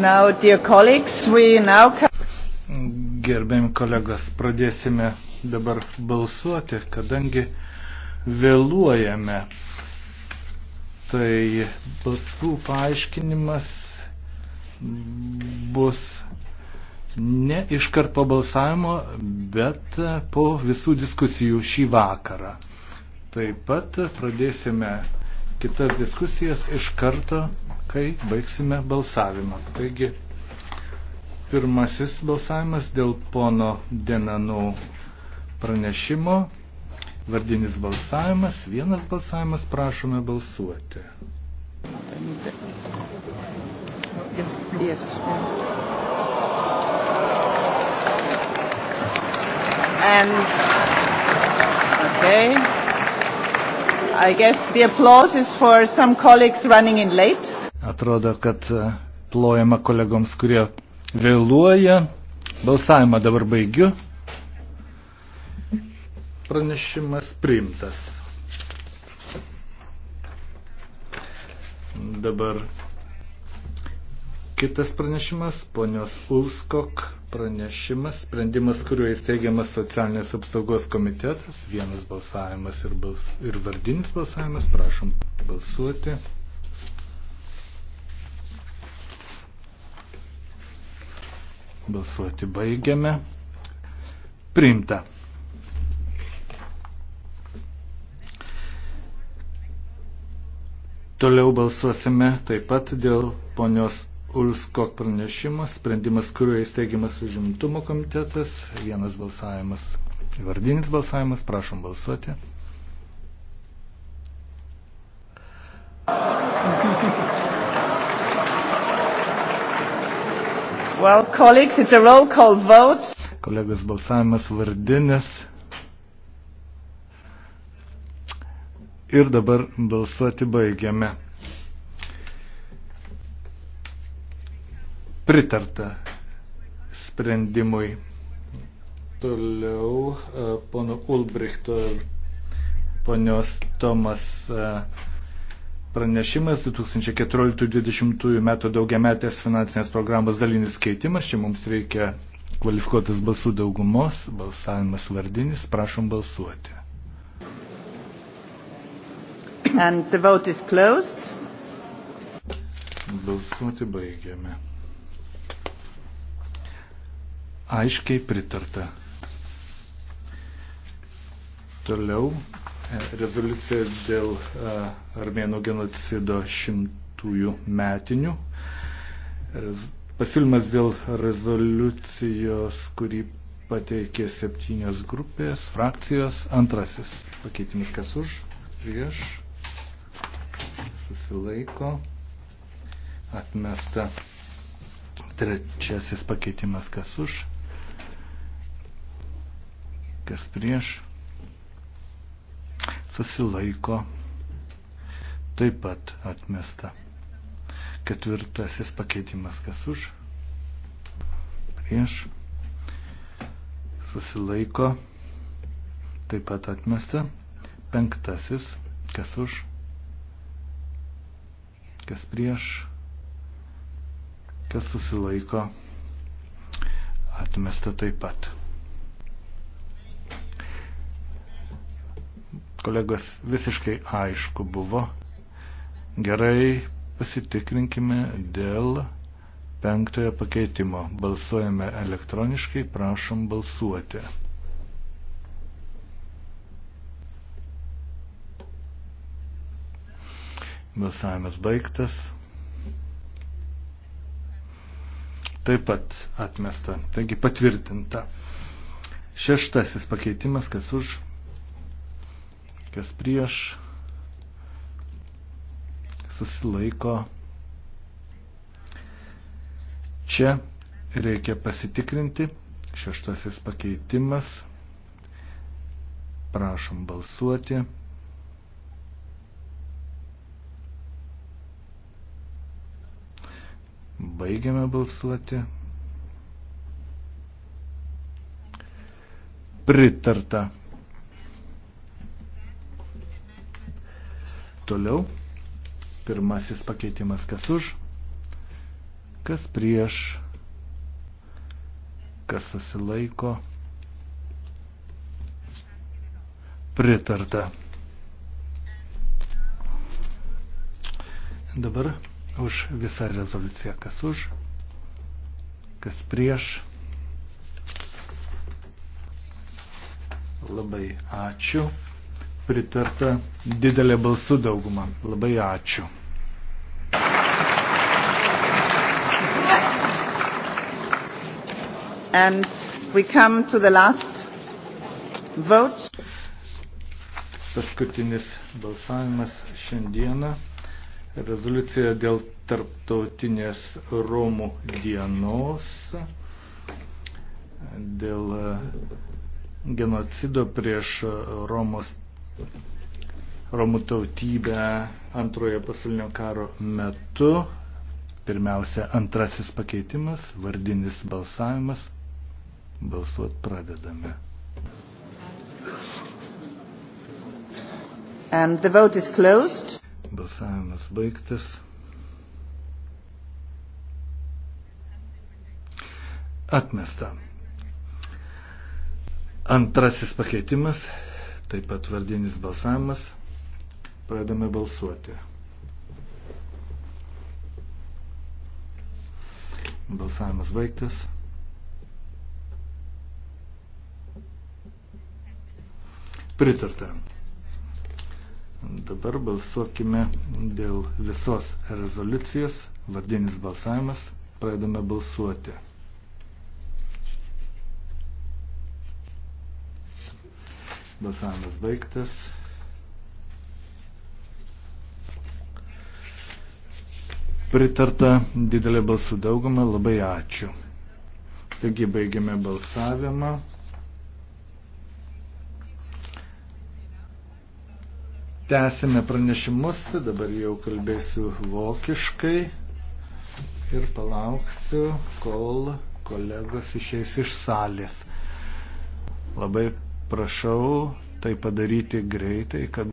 Now, dear colleagues, we now Gerbėjim kolegos, pradėsime dabar balsuoti, kadangi vėluojame. Tai balsų paaiškinimas bus ne iškart po balsavimo, bet po visų diskusijų šį vakarą. Taip pat pradėsime kitas diskusijas iš karto kai baigsime balsavimą. Taigi, pirmasis balsavimas dėl pono Denanų pranešimo. Vardinis balsavimas, vienas balsavimas, prašome balsuoti. Yes. And okay. I guess the applause is for some colleagues running in late. Atrodo, kad e, plojama kolegoms, kurie vėluoja. Balsavimą dabar baigiu. Pranešimas priimtas. Dabar kitas pranešimas, ponios Ulskok pranešimas, sprendimas, kuriuo įsteigiamas socialinės apsaugos komitetas, vienas balsavimas ir, bals, ir vardinis balsavimas, prašom balsuoti. Balsuoti baigiame. Priimta. Toliau balsuosime taip pat dėl ponios Ulskok pranešimas, sprendimas, kuriuo įsteigiamas užimtumo komitetas, vienas balsavimas, vardinis balsavimas, prašom balsuoti. Thank you. Well, colleagues, it's a roll call vote. Kolegos balsavimas vardinis. Ir dabar balsuoti baigiame. Pritarta sprendimui. Toliau e, pono Ulbrichto ir ponios Tomas. Uh, pranešimas 2014-2020 metų daugiametės finansinės programos dalinis keitimas. Čia mums reikia kvalifikuotas balsų daugumos, balsavimas vardinis, prašom balsuoti. And the vote is closed. Balsuoti baigiame. Aiškiai pritarta. Toliau rezoliuciją dėl e, armėnų genocido šimtųjų metinių. Pasiūlymas dėl rezoliucijos, kurį pateikė septynios grupės, frakcijos, antrasis pakeitimas kas už, prieš, susilaiko, atmesta, trečiasis pakeitimas kas už, kas prieš, susilaiko taip pat atmesta. Ketvirtasis pakeitimas kas už, prieš, susilaiko taip pat atmesta. Penktasis kas už, kas prieš, kas susilaiko atmesta taip pat. kolegos, visiškai aišku buvo. Gerai, pasitikrinkime dėl penktojo pakeitimo. Balsuojame elektroniškai, prašom balsuoti. Balsavimas baigtas. Taip pat atmesta, taigi patvirtinta. Šeštasis pakeitimas, kas už kas prieš, susilaiko. Čia reikia pasitikrinti. Šeštasis pakeitimas. Prašom balsuoti. Baigiame balsuoti. Pritarta. Toliau, pirmasis pakeitimas kas už, kas prieš, kas susilaiko. Pritarta. Dabar už visą rezoliuciją, kas už, kas prieš. Labai ačiū pritarta didelė balsų dauguma. Labai ačiū. And we come to the last vote. Paskutinis balsavimas šiandieną. Rezoliucija dėl tarptautinės Romų dienos, dėl genocido prieš Romos Romų tautybę antrojo pasaulinio karo metu. Pirmiausia, antrasis pakeitimas, vardinis balsavimas. Balsuot pradedame. And the vote is closed. Balsavimas baigtas. Atmesta. Antrasis pakeitimas Taip pat vardinis balsavimas. Pradame balsuoti. Balsavimas baigtas. Pritarta. Dabar balsuokime dėl visos rezoliucijos. Vardinis balsavimas. Pradame balsuoti. Balsavimas baigtas. Pritarta didelė balsų dauguma, labai ačiū. Taigi baigiame balsavimą. Tęsime pranešimus, dabar jau kalbėsiu vokiškai ir palauksiu, kol kolegos išeis iš salės. Labai Prašau tai padaryti greitai, kad